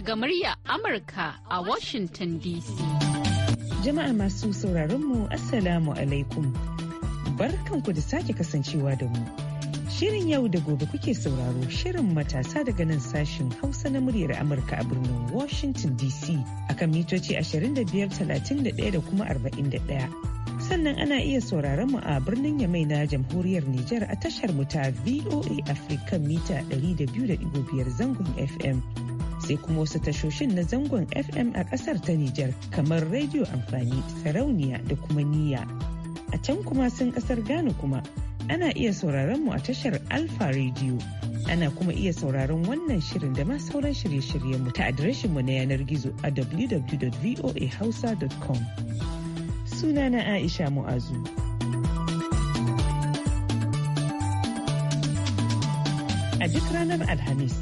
daga murya Amurka a Washington DC. Jama'a masu sauraron mu Assalamu alaikum. Barkanku da sake kasancewa da mu. Shirin yau da gobe kuke sauraro shirin matasa daga nan sashen Hausa na muryar Amurka a birnin Washington DC a kan mitoci 25,31 da kuma 41. Sannan ana iya sauraron mu a birnin Yamai na jamhuriyar Nijar a tashar mu ta VOA Africa mita 200.5 zangon FM. sai kuma wasu tashoshin na zangon FM a ƙasar ta Nijar kamar Radio Amfani, Sarauniya da kuma Niyya. A can kuma sun kasar Ghana kuma ana iya sauraron mu a tashar Alpha Radio. Ana kuma iya sauraron wannan shirin da ma sauran shirye-shiryen mu ta adireshin mu na yanar gizo a www.voahausa.com. na Aisha Mu'azu. A duk ranar Alhamis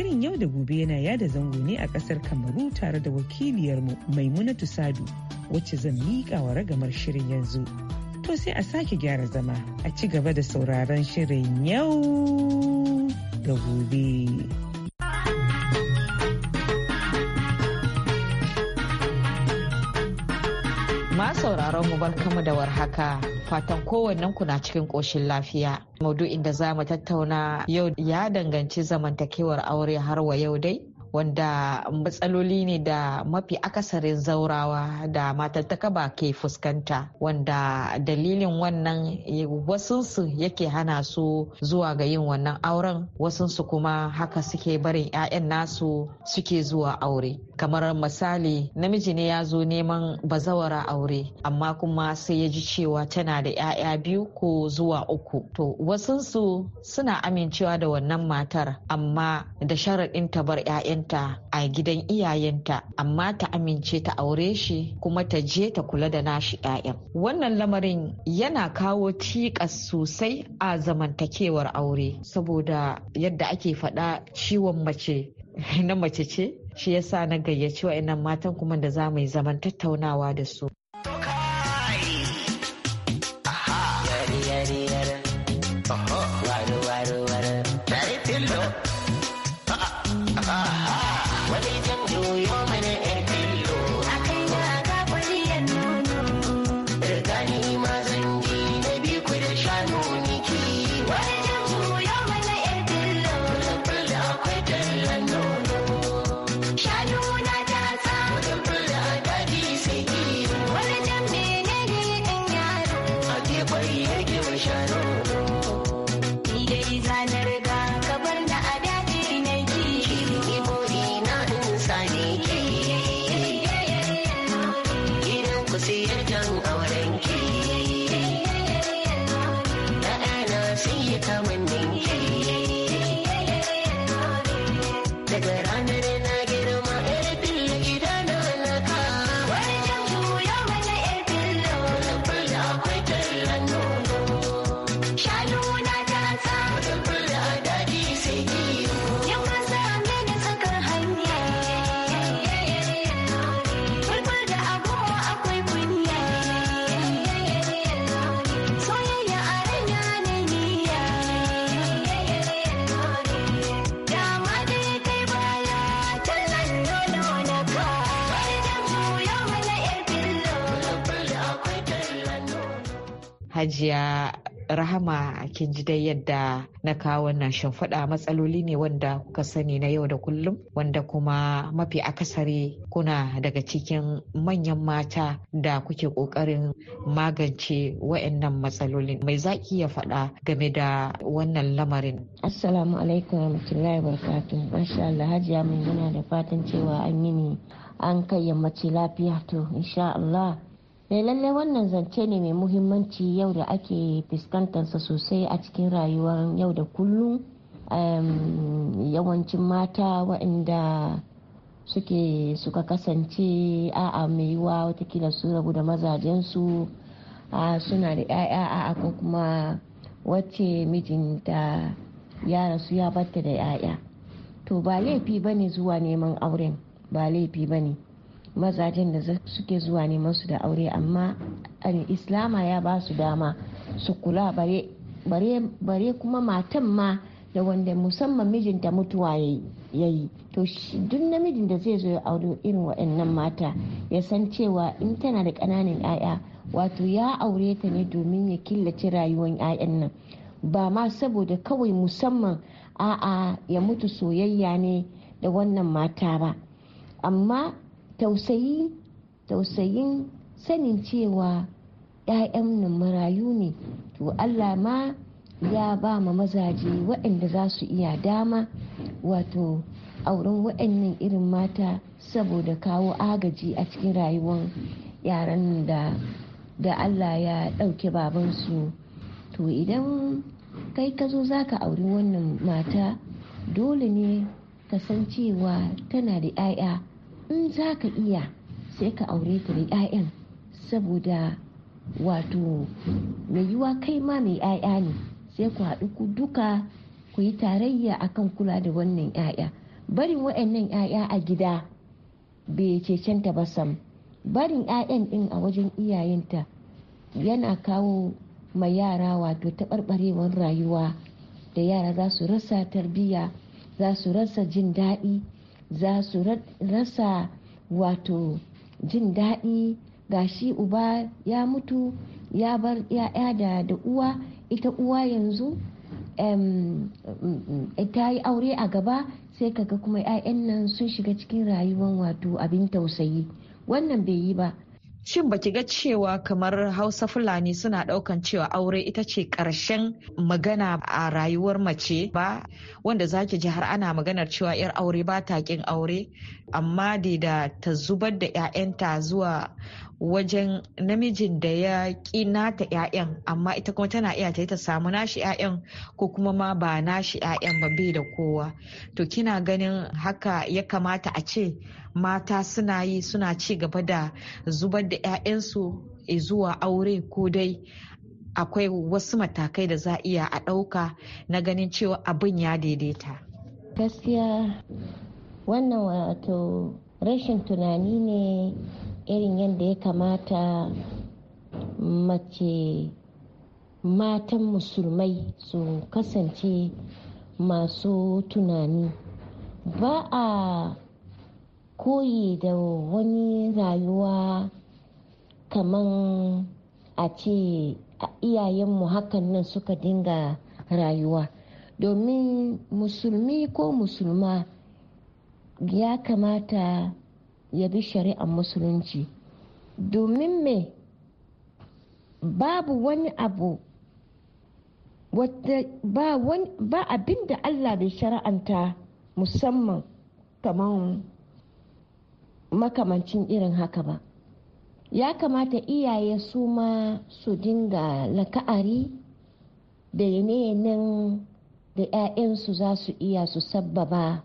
Shirin yau da gobe yana yada zango ne a kasar Kamaru tare da wakiliyarmu Maimunatu Sadu wacce zan miƙa wa ragamar shirin yanzu. To sai a sake gyara zama a ci gaba da sauraron shirin yau da gobe. sauraron mu bar mu da warhaka fatan kowannen ku na cikin koshin lafiya. Maudu'in da za mu tattauna yau ya danganci zamantakewar aure har wa yau dai wanda matsaloli ne da mafi akasarin zaurawa da matattaka ba ke fuskanta wanda dalilin wannan wasunsu yake hana su zuwa ga yin wannan auren wasunsu kuma haka suke barin 'ya'yan nasu suke zuwa aure kamar misali namiji ne ya zo neman bazawara aure amma kuma sai ya ji cewa tana da 'ya'ya biyu ko zuwa uku to wasunsu suna amincewa da wannan matar amma da sharaɗin ta bar 'ya'yan kanta a gidan iyayenta amma ta amince ta aure shi kuma ta je ta kula da nashi 'ya'yan wannan lamarin yana kawo tikas sosai a zamantakewar aure saboda yadda ake faɗa ciwon mace na mace ce shi yasa na gayyaci wa'annan matan kuma da za mu yi zaman tattaunawa da su hajiya rahama kin ji dai yadda na kawo wannan shimfiɗa matsaloli ne wanda kuka sani na yau da kullum wanda kuma mafi akasari kuna daga cikin manyan mata da kuke ƙoƙarin magance wa'annan matsalolin mai zaki ya faɗa game da wannan lamarin assalamu alaikum warahmatullahi wabarakatuh masha Allah hajiya mun muna da fatan cewa an yi ne an kai yammaci lafiya to insha Allah Eh, lallai wannan zance ne mai muhimmanci yau da ake fuskantarsa sosai a cikin rayuwar yau da kullum yawancin mata waɗanda suke suka kasance a'a mai yiwa watakila su rabu da mazajensu suna da 'ya'ya a'a ko kuma wacce mijinta ya rasu ya batta da 'ya'ya to ba laifi ba ne zuwa neman auren ba laifi ba ne. mazajen da suke zuwa neman su da aure amma islama ya ba su dama su kula bare kuma matan ma da wanda musamman mijinta mutuwa ya yi to duk namijin da zai zo ya auri irin waɗannan mata ya san cewa in tana da ƙananan 'ya'ya wato ya aure ta ne domin ya killace rayuwar 'ya'yan nan ba ma saboda kawai musamman a'a ya mutu soyayya ne da wannan mata ba amma tausayi tausayin sanin cewa 'ya'yan nan marayu ne to allah ma ya ba ma mazaje waɗanda za su iya dama wato auren waɗannan irin mata saboda kawo agaji a cikin rayuwar yaran da da allah ya ɗauke babansu to idan kai ka zo za ka auri wannan mata dole ne ka san cewa tana da 'ya'ya in za ka iya sai ka aure ta da 'ya'yan saboda wato mai yiwa kai ma mai 'ya'ya ne sai ku haɗu ku duka ku yi tarayya akan kula da wannan 'ya'ya barin waɗannan 'ya'ya a gida bai cecenta ba sam barin 'ya'yan ɗin a wajen iyayenta yana kawo ma yara wato taɓarɓarewar rayuwa da yara za su rasa tarbiyya za su rasa jin daɗi za su rasa wato jin daɗi ga shi uba ya mutu ya bar ya'ya da, da uwa ita uwa yanzu ta yi aure a gaba sai kaga kuma 'ya'yan nan sun shiga cikin rayuwan wato abin tausayi wannan bai yi ba Shin baki ga cewa kamar Hausa Fulani suna ɗaukan cewa aure ita ce ƙarshen magana a rayuwar mace ba wanda zaki ji har ana maganar cewa 'yar aure ba ta ƙin aure amma dai da ta zubar da 'ya'yanta zuwa wajen namijin da ya ƙi nata 'ya'yan amma ita kuma tana iya ta samu nashi 'ya'yan ko kuma ma ba nashi 'ya'yan ba bai da kowa to kina ganin haka ya kamata a ce mata suna yi suna ci gaba da zubar da 'ya'yansu zuwa aure ko dai akwai wasu matakai da za a iya a ɗauka na ganin cewa abin ya daidaita gaskiya wannan wato rashin tunani ne irin yadda ya kamata mace matan musulmai su kasance masu tunani ba a koyi da wani rayuwa kaman a ce iyayenmu hakan nan suka dinga rayuwa domin musulmi ko musulma ya kamata ya bi shari'ar musulunci domin me babu wani abu wata ba abin da allah bai shari'anta musamman kamar makamancin irin haka ba ya kamata iyaye su ma su dinga laka'ari da yanayin da 'ya'yansu za su iya su sabbaba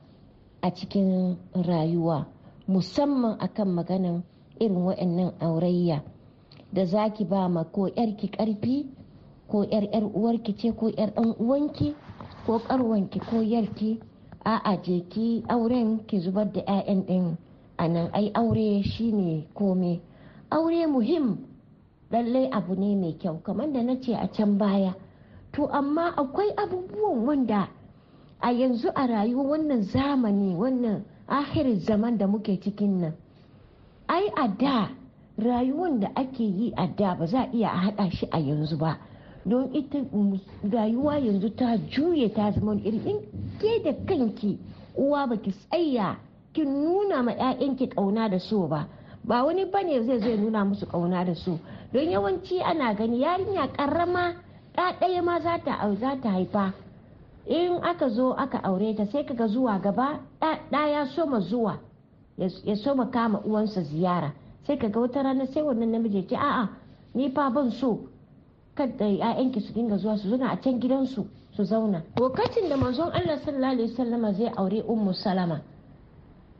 a cikin rayuwa musamman akan maganan irin waɗannan aurayya da za ki ba ma ko yarki karfi ko yar yar uwarki ce ko yar dan uwanki ko karwanki ko yarki a'a je ki auren ki zubar da 'ya'yan din a nan ai aure shine kome aure muhim lallai abu ne mai kyau kamar da na ce a can baya to amma akwai abubuwan wanda a yanzu a rayuwa wannan zamani wannan ahirin zaman da muke cikin nan ai a da rayuwan da ake yi a da ba za a iya haɗa shi a yanzu ba don ita rayuwa yanzu ta juye ta zama irin ke da kanki uwa baki tsaya ki nuna ma 'ya'yanki ƙauna da so ba ba wani bane zai zai nuna musu ƙauna da so don yawanci ana gani yarinya ƙarama ɗaya ma za ta haifa in aka zo aka aure ta sai kaga zuwa gaba ɗa ya soma zuwa ya soma kama uwansa ziyara sai kaga wata rana sai wannan namiji ce a'a ni fa ban so kada ya'yanki su dinga zuwa su zuna a can gidansu su zauna lokacin da manzon Allah sallallahu alaihi wasallama zai aure ummu salama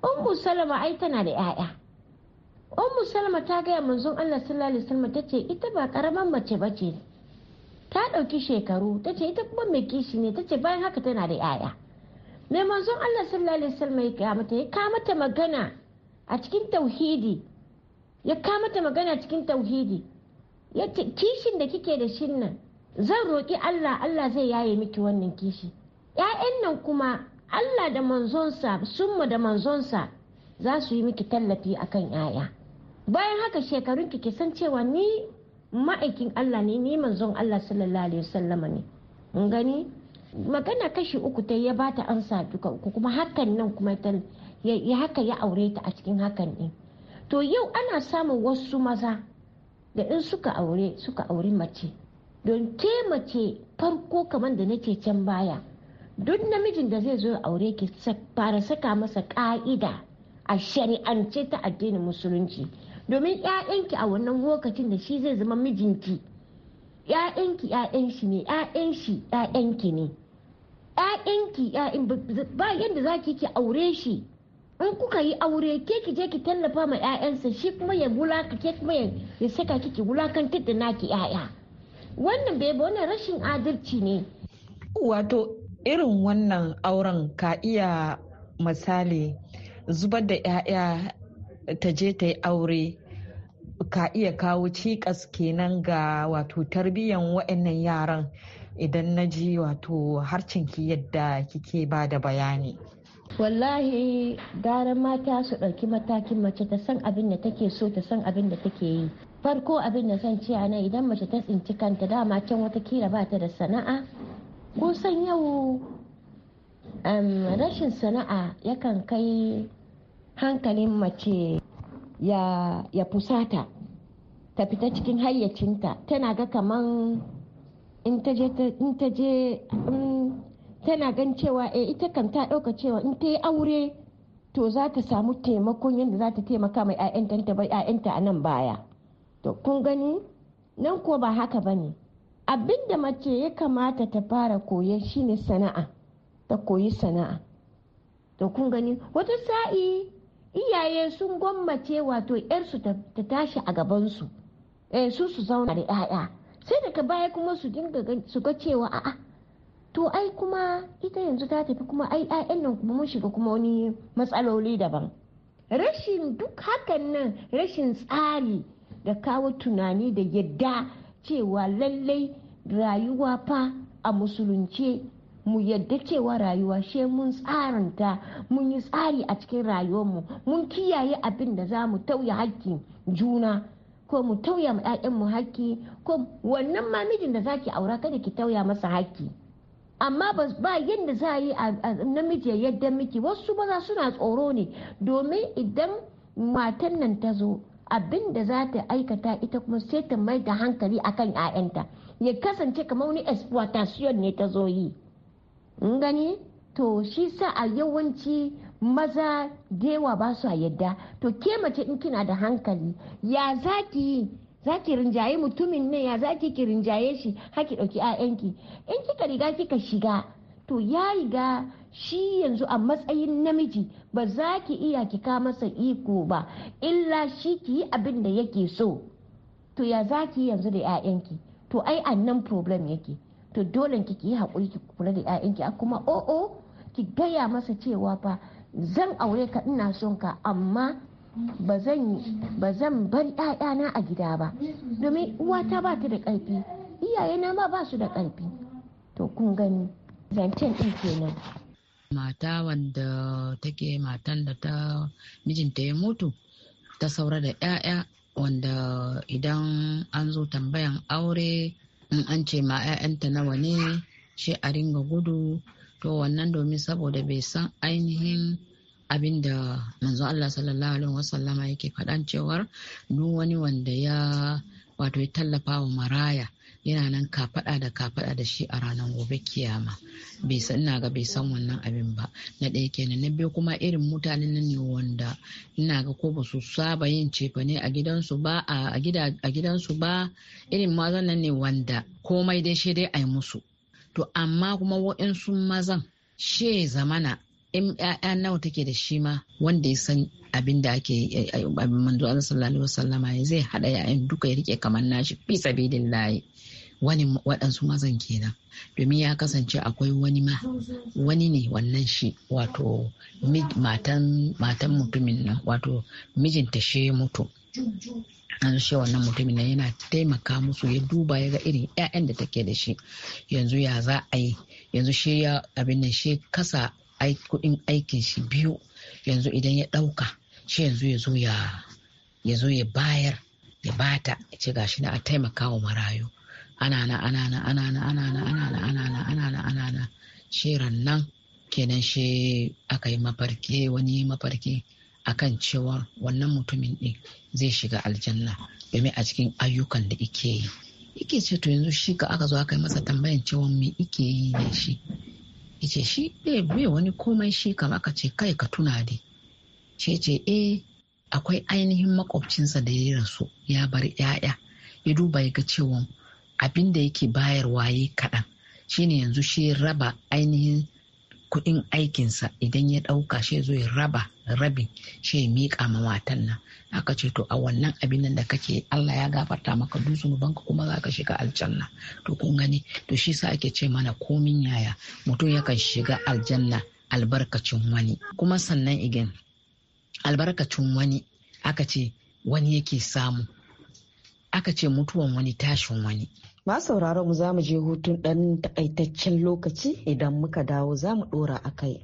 ummu salama ai tana da ƴaƴa ummu salama ta gaya manzon Allah sallallahu alaihi wasallama tace ita ba karaman mace bace ta ɗauki shekaru ta ce ita kuma mai kishi ne ta ce bayan haka tana da 'ya'ya mai manzon Allah sallallahu alaihi wasallam ya kamata ya kamata magana a cikin tauhidi ya kamata magana a cikin tauhidi ya kishin da kike da shin nan zan roƙi Allah Allah zai yaye miki wannan kishi ‘ya'yan nan kuma Allah da manzonsa sunmu da manzonsa za su yi miki tallafi akan ‘ya'ya bayan haka shekarun ki san cewa ni ma'aikin Allah ne ni manzon Allah sallallahu alaihi wasallam ne mun gani magana kashi uku ta ya bata ansa duka uku kuma hakan nan kuma ta ya haka ya aure ta a cikin hakan ne to yau ana samun wasu maza da in suka aure suka auri mace don ke mace farko kamar da nake can baya duk namijin da zai zo aure ki fara saka masa ka'ida a shari'ance ta addinin musulunci domin 'ya'yanki a wannan lokacin da shi zai zama mijinki ‘ya'yanki ‘ya'yan shi ne ‘ya'yan shi ‘ya'yanki ne ‘ya'yanki ‘ya'yan ba yadda za ki ki aure shi in kuka yi aure ke ki je ki tallafa ma ‘ya'yansa shi kuma ya wulaka ke kuma ya saka ki ki wulakantar da naki ‘ya'ya wannan bai wannan rashin adalci ne wato irin wannan auren ka iya misali zubar da ‘ya'ya ta je ta yi aure ka iya kawo cikas kenan ga wato tarbiyyan wa'annan yaran idan na ji wato harcinki yadda kike ba da bayani wallahi gara mata su ɗauki matakin mace ta san abin da take so ta san abin da take yi farko abin da san ce na idan mace ta tsinci kanta dama can kira ba ta da sana'a ko san yau rashin sana'a yakan kai hankalin mace ya, ya fusata ta fita cikin hayyacinta tana ga kaman intaje tana gan cewa e ita kan ta ɗauka cewa in ta yi aure to za ta samu taimakon yadda za ta taimaka mai 'ya'yanta a nan baya to kun gani nan ko ba haka ba ne abin mace ya kamata ta fara koyon shine sana'a ta koyi sana'a to kun gani wata sa'i iyaye sun gwammace wato yarsu ta tashi a gabansu eh, su su zauna da 'ya'ya sai daga baya kuma su dinga cewa a'a to ai kuma ita yanzu ta tafi kuma ai 'ya'yan nan kuma mun shiga kuma wani matsaloli daban rashin duk hakan nan rashin tsari da kawo tunani da yadda cewa lallai rayuwa fa a musulunce mu yadda cewa rayuwa she mun tsaranta mun yi tsari a cikin rayuwarmu mun kiyaye abin da za mu tauya hakki juna ko mu tauya ma mu hakki ko wannan mamijin da zaki aura kada ki tauya masa hakki amma ba yadda za a yi a namiji yadda miki wasu maza suna tsoro ne domin idan matan nan ta zo abin da za ta aikata ita kuma sai ta mai da hankali akan 'ya'yanta ya kasance kamar wani exploitation ne ta zo yi in gani to shi sa a yawanci maza dewa ba su yadda to ke mace in kina da hankali ya za ki yi za ki rinjaye mutumin ne ya za ki rinjaye shi haki ɗauki ki in kika riga kika shiga to ya riga shi yanzu a matsayin namiji ba za ki iya kika masa iko ba illa shi ki yi abin da yake so to ya za ki yanzu da 'ya'yanki to ai annan problem yake to dole ki ki yi haƙuri ki kula da 'ya'yanki kuma o'o oh, oh, ki gaya masa cewa fa zan aure ka ina son ka amma ba zan bar 'ya'yana a gida ba domin uwata ba ta da ƙarfi iyayena ma ba su da ƙarfi to kun gani zancen ɗin kenan mata wanda take matan da ta mijinta ya mutu ta saura da 'ya'ya wanda idan an zo tambayan aure in an ce ma 'ya'yanta nawa ne shi a ringa gudu to wannan domin saboda bai san ainihin abin da manzo Allah sallallahu alaihi wasallama yake faɗan cewar duk wani wanda ya wato ya tallafa wa maraya yana nan kafaɗa da kafaɗa da shi a ranar gobe kiyama bai san ina ga bai san wannan abin ba na ɗaya kenan na biyu kuma irin mutanen nan ne wanda ina ga ko ba su saba yin cefane a gidansu ba a gidansu ba irin mazan nan ne wanda komai dai shi dai a musu to amma kuma wa'insu mazan she zamana in ya'ya nawa take da shi ma wanda ya san abin da ake eh, eh, abin manzo Allah sallallahu alaihi wasallama zai hada ya'yan duka ya rike kamar nashi fi sabilillahi wani waɗansu mazan kenan domin ya kasance akwai wani ma wani ne wannan shi wato matan mutumin nan wato mijinta shi mutu an shi wannan mutumin nan yana taimaka musu ya duba ya ga irin 'ya'yan da take da shi yanzu ya za a yi yanzu shi ya abin nan shi kasa kudin aikin shi biyu yanzu idan ya ɗauka shi yanzu ya zo ya bayar ya bata ya ce gashi na a taimaka wa marayu Anana, anana, anana, anana, anana, anana, anana, anana. ana nan shi kenan shi aka yi mafarki eh, wani mafarki akan cewa wannan mutumin ɗin zai shiga aljanna domin a cikin ayyukan da ike yi ike ce to yanzu shi ka aka zo aka yi masa tambayan cewa me ike yi ne shi ice shi ɗaya bai wani komai shi kam aka ce kai ka tuna dai ce ce eh akwai ainihin makwabcinsa da ya rasu ya bar 'ya'ya ya duba ya ga cewa abin da yake bayarwa yi kaɗan shine yanzu shi raba ainihin kuɗin aikinsa idan ya ɗauka shi zo ya raba rabin shi ya miƙa ma matan nan aka ce to a wannan abin nan da kake Allah ya gafarta maka mu banka kuma za ka shiga aljanna to kun gani to shi sa ake ce mana komin yaya mutum yakan shiga aljanna albarkacin wani kuma sannan igin albarkacin wani aka ce wani yake samu aka ce mutuwan wani tashin wani. Ma sauraron mu za mu je hutun ɗan takaitaccen lokaci idan muka dawo za mu ɗora a kai.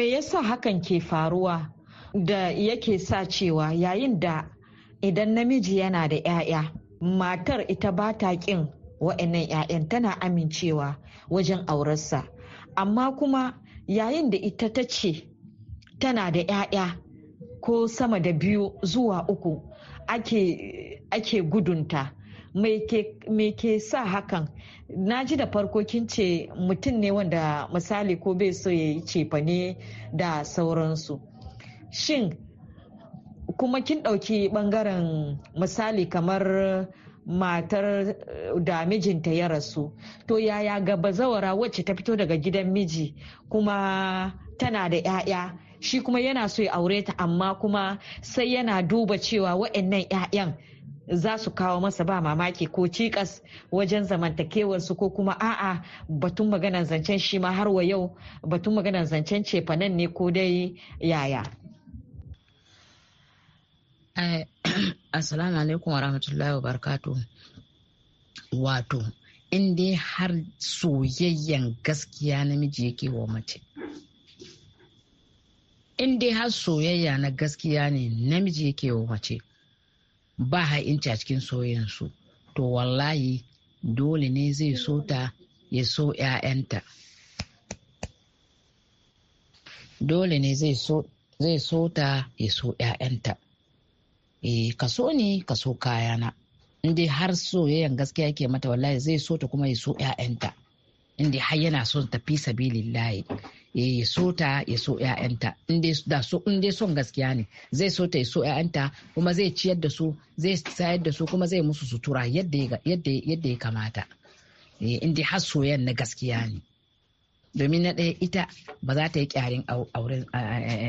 me yasa hakan ke faruwa da yake sa cewa yayin da idan namiji yana da 'ya'ya matar ita ba ta ƙin wa'annan 'ya'yan tana amincewa wajen aurarsa amma kuma yayin da ita ta ce tana da 'ya'ya ko sama da biyu zuwa uku ake, ake gudunta me ke sa hakan na ji da farko kin ce mutum ne wanda misali ko bai so ya yi cefa ne da sauransu shin kuma kin ɗauki ɓangaren misali kamar matar eh, da mijinta ya rasu to yaya ga bazawara wacce ta fito daga gidan miji kuma tana da 'ya'ya shi kuma yana so ya aure ta amma kuma sai yana duba cewa wa'annan 'ya'yan za su kawo masa ba mamaki ko cikas wajen zamantakewarsu ko kuma a'a batun magana zancen shi ma har wa yau batun magana zancen cefanen ne ko dai yaya. Eh, assalamu alaikum wa rahmatullahi wa barakatu. Wato, in dai har soyayyen gaskiya namiji yake wa mace. In dai har soyayya na gaskiya ne namiji yake wa mace. ba ha'inci a cikin soyayensu, to wallahi dole ne zai so ta ya so 'ya'yanta dole ne zai so ta ya so 'ya'yanta e eh, ka so ni ka so kayana dai har soyayyan gaskiya yake mata wallahi zai so ta kuma ya so 'ya'yanta inda har yana son ta fi sabilillahi ya so ta ya so ƴaƴanta in dai son gaskiya ne zai so ta ya so 'ya'yanta kuma zai ciyar da su zai sayar da su kuma zai musu sutura yadda ya kamata eh, in dai har soyayyen na gaskiya ne domin na ɗaya ita ba za ta yi ƙyarin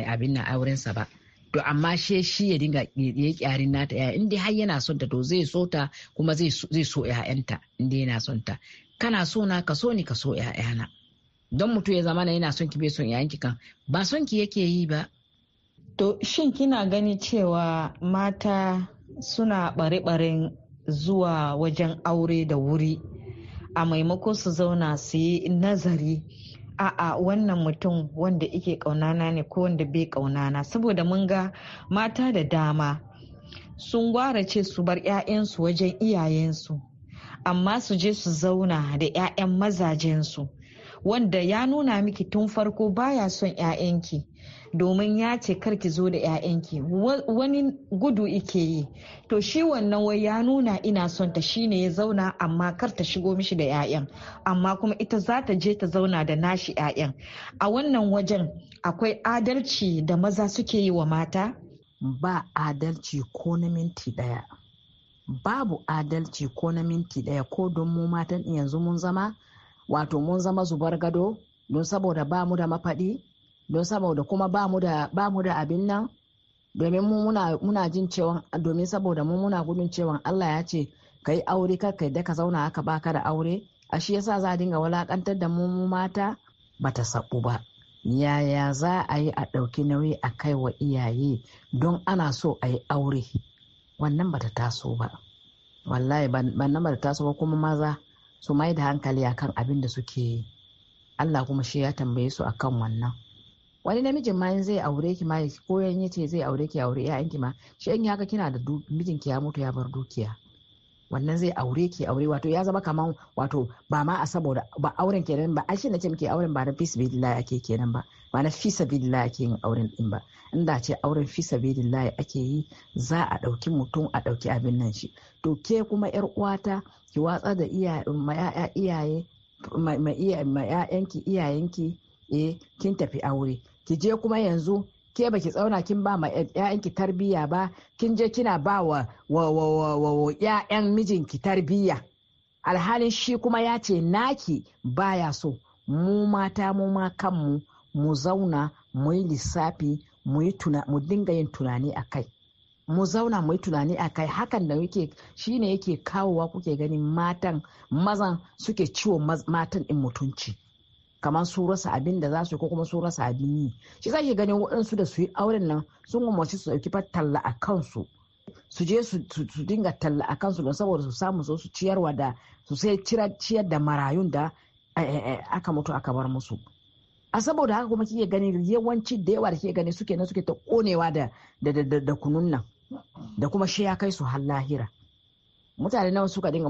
abin na aurensa ba to amma she shi ya dinga ya ƙyarin nata ya in dai har yana son ta to zai so ta kuma zai so yayanta in dai yana son ta kana so na ka so ni ka so yayana don mutum ya zama na yana son ki bai son yayan ki kan ba son ki yake yi ba to shin kina gani cewa mata suna bare-baren zuwa wajen aure da wuri a maimako su zauna su yi nazari a'a wannan mutum wanda ike kaunana ne ko wanda bai kaunana saboda mun ga mata da dama sun gwara ce su bar 'ya'yansu wajen iyayensu amma su je su zauna da 'ya'yan mazajensu wanda ya nuna miki tun farko baya son 'ya'yanki domin ya ce karki zo da 'ya'yanki wani gudu ike yi to shi wannan wai ya nuna ina son ta shine ya zauna amma kar ta shigo mishi da 'ya'yan amma kuma ita za ta je ta zauna da nashi 'ya'yan a wannan wajen akwai adalci da maza suke yi wa mata ba adalci ko na minti daya babu adalci ko na minti daya ko don mu matan yanzu mun zama wato mun zama zubar gado don saboda ba mu da mafaɗi don saboda kuma ba mu da abin nan domin mu muna, jin cewa domin saboda mu muna gudun cewa Allah ya ce ka yi aure kar ka yadda ka zauna haka baka da aure a shi yasa za a dinga walakantar da mu mata bata sabu ba yaya za a yi a ɗauki nauyi a kai wa iyaye don ana so a yi aure wannan bata taso ba wallahi ban bata taso ba kuma maza su mai da hankali akan abin da suke yi Allah kuma shi ya tambaye su akan wannan wani namijin ma zai aure ki ma ya yan yace zai aure ki aure ya ki ma shi in ya kina da mijinki ya mutu ya bar dukiya wannan zai aure ke aure wato ya zama kamar wato ba ma a saboda ba auren kenan ba ashe nace muke auren ba na fi sabilillah ake kenan ba ba na fi sabilillah ake yin auren din ba inda ce auren fi sabilillah ake yi za a dauki mutum a dauki abin nan shi to ke kuma yar uwata ki watsa da iyaye iyaye ma iyayenki iyayenki eh kin tafi aure ki je kuma yanzu ke baki tsauna kin ba ma ƴaƴanki tarbiyya ba kin je kina ba wa ƴaƴan mijinki tarbiyya alhalin shi kuma ya ce naki baya so mu mata mu ma kanmu mu zauna mu yi lissafi mu dinga yin tunani a kai mu zauna mu yi tunani a kai hakan da yake ne yake kawowa kuke ganin matan mazan suke ciwo matan in mutunci kamar su rasa abin da za su ko kuma su rasa abin yi shi za ki ganin waɗansu da su yi auren nan sun umarci su ɗauki talla a kansu su je su dinga talla a kansu don saboda su samu su ciyarwa da su sai ciyar da marayun da eh, eh, eh, aka mutu aka bar musu a saboda haka kuma kike gani yawanci da yawa da kike gani suke na suke ta konewa da da kunun nan da kuma shi ya kai su har lahira mutane nawa suka dinga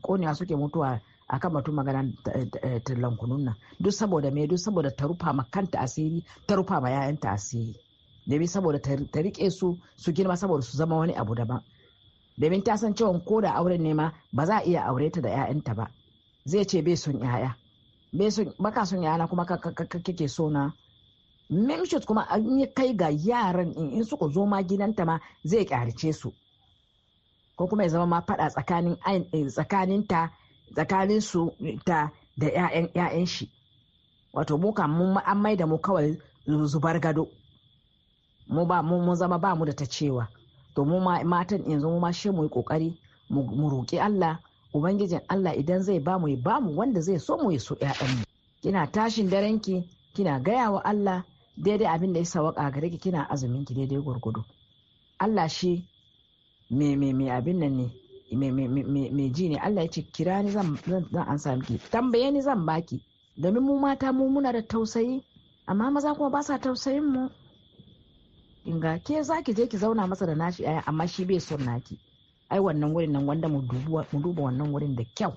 konewa suke mutuwa akan batun magana eh, eh, lankunun nan duk saboda me duk saboda ta rufa ma kanta asiri ta rufa ma yayanta asiri domin saboda ta rike su su girma saboda su zama wani abu daban domin ta san cewa ko da auren ne ma ba za a iya aure ta da yayanta ba zai ce bai son yaya bai son baka son yaya na kuma kake so na memshit kuma an yi kai ga yaran in suka zo ma gidanta ma zai kyarce su ko kuma ya zama ma faɗa tsakanin eh, tsakaninta tsakanin su da da 'ya'yan shi wato mu kam mun an mai da mu kawai zubar gado mu ba mu zama ba mu da ta cewa to mu ma matan yanzu mu ma shi mu yi kokari mu roki Allah ubangijin Allah idan zai ba mu ba mu wanda zai so mu ya so mu kina tashin darenki kina gaya wa Allah daidai abin da ya sawaka gare ki kina azumin ki daidai gurgudu Allah shi me me me abin nan ne mai ji ne Allah ya ce kira ni zan ansa miki tambaye ni zan baki domin mu mata mu muna da tausayi amma maza kuma ba sa tausayin mu inga ke za ki je ki zauna masa da nashi aya amma shi bai son naki ai wannan wurin nan wanda mu duba wannan wurin da kyau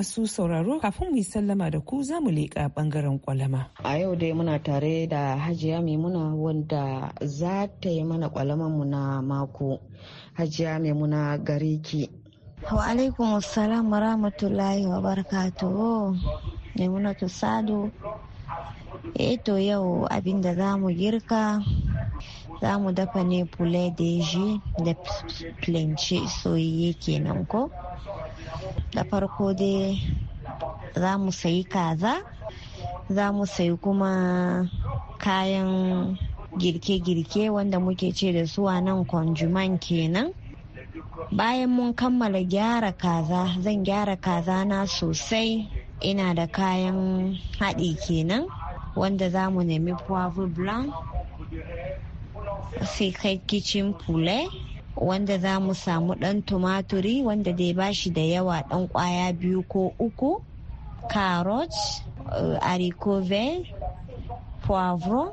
masu sauraro kafin mu yi sallama da ku za mu leƙa ɓangaren kwalama. A yau dai muna tare da Hajiya Maimuna wanda za ta yi mana kwalaman mu na mako. Hajiya Maimuna gare ki. Wa alaikum assalam wa rahmatullahi wa barakatuhu. Maimuna Tusado. Eh to yau abin da za mu girka za mu dafa ne poulet de da plenche soyayye kenan ko da farko dai za mu sayi kaza za mu sayi kuma kayan girke-girke wanda muke ce da zuwa nan kwanjuman kenan bayan mun kammala gyara kaza zan gyara kaza na sosai ina da kayan haɗi kenan wanda za mu nemi poivre blanc sai kai kicin poulet wanda za mu samu ɗan tumaturi wanda dai ba shi da yawa ɗan ƙwaya biyu ko uku carrot eh, arikove poivron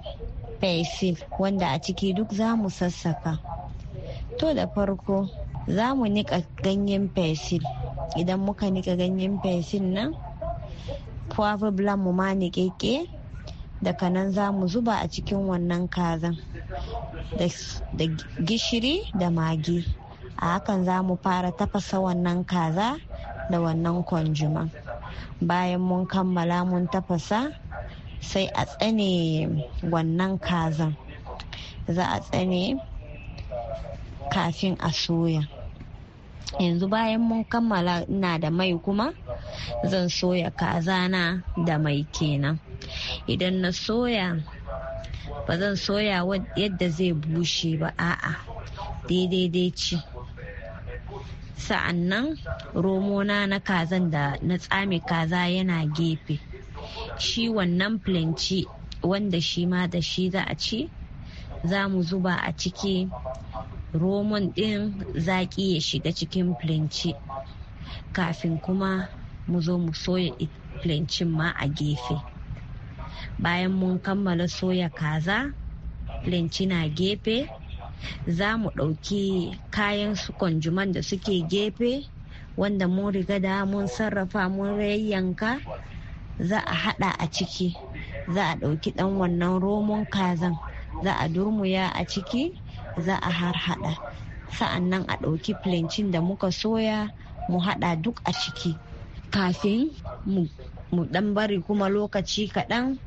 persil wanda a ciki duk za mu sassaka to da farko za mu niƙa ganyen persil idan muka niƙa ganyen persil nan poivron mu ma niƙeƙe daga nan za mu zuba a cikin wannan kazan da gishiri da magi a hakan za mu fara tafasa wannan kaza da wannan kwanjuman bayan mun kammala mun tafasa sai a tsane wannan kaza za a tsane kafin a soya yanzu bayan mun kammala ina da mai kuma zan soya kaza na da mai kenan idan na soya ba zan soya yadda zai bushe ba a'a daidai dai ci sa'annan romona na kazan da na tsame kaza yana gefe shi wannan planci wanda shi ma da shi za a ci za mu zuba a ciki romon ɗin zaƙi ya shiga cikin planci kafin kuma mu zo mu soya plancin ma a gefe bayan mun kammala soya kaza na gefe za mu ɗauki kayan su kwanjuman da suke gefe wanda mun riga da mun sarrafa mun rayyanka za a haɗa a ciki za a ɗauki ɗan wannan romon kazan za a durmuya a ciki za a har harhaɗa sa'annan a ɗauki filancin da muka soya mu haɗa duk a ciki kafin mu dan bari kuma lokaci kaɗan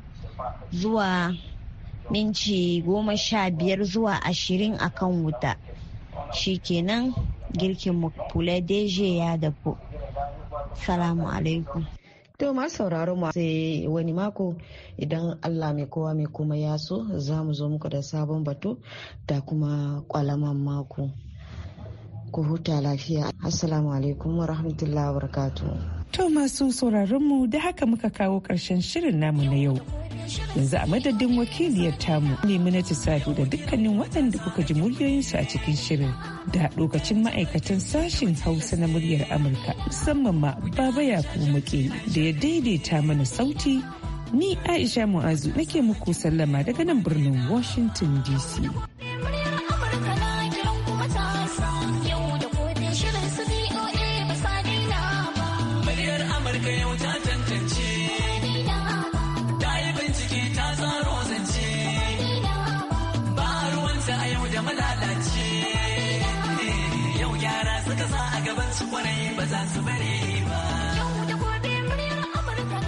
zuwa minci goma sha biyar zuwa ashirin akan wuta shi shikenan girkin pule deje ya dafu salamu alaikum To ma sauraro ma sai wani mako idan Allah mai kowa mai kuma ya so za mu zo muku da sabon batu da kuma kwalaman mako. Ku huta lafiya. Assalamu alaikum wa rahmatullahi wa barakatuh. To masu sauraron mu da haka muka kawo karshen shirin namu na yau. yanzu a madadin wakiliyar tamu ne neminatu sadu da dukkanin waɗanda kuka ji muryoyinsu a cikin shirin da lokacin ma'aikatan sashen hausa na muryar amurka musamman ma baba ya muke da ya daidaita mana sauti ni aisha mu'azu nake muku sallama daga nan birnin washington dc